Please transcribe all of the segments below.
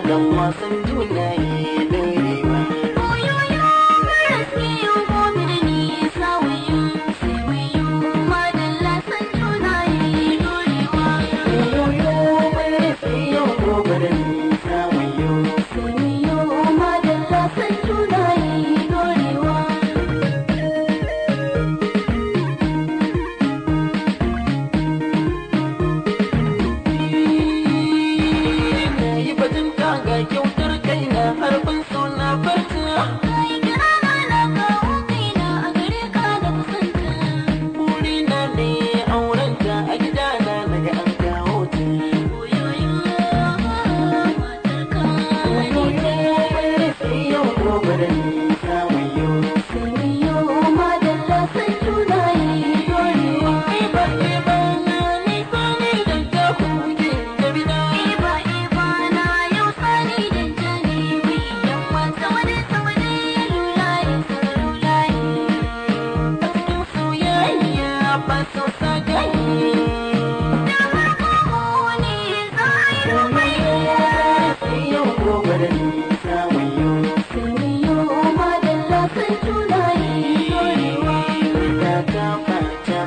I don't want to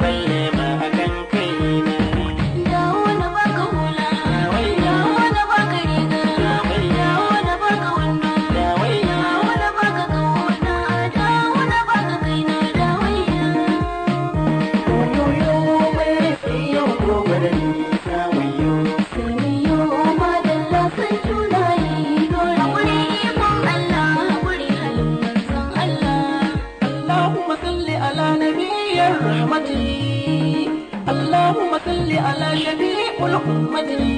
bai على شفيع مدري